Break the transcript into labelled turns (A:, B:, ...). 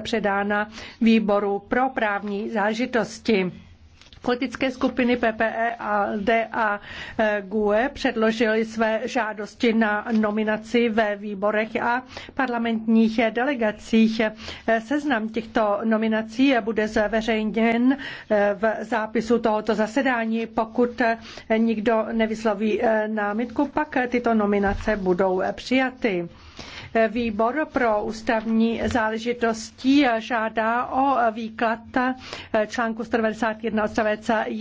A: předána výboru pro právní záležitosti. Politické skupiny PPE a DA a eh, GUE předložily své žádosti na nominaci ve výborech a parlamentních delegacích. Eh, seznam těchto nominací bude zveřejněn eh, v zápisu tohoto zasedání. Pokud nikdo nevysloví námitku, pak tyto nominace budou přijaty. Výbor pro ústavní záležitosti žádá o výklad článku 191 odstavec 1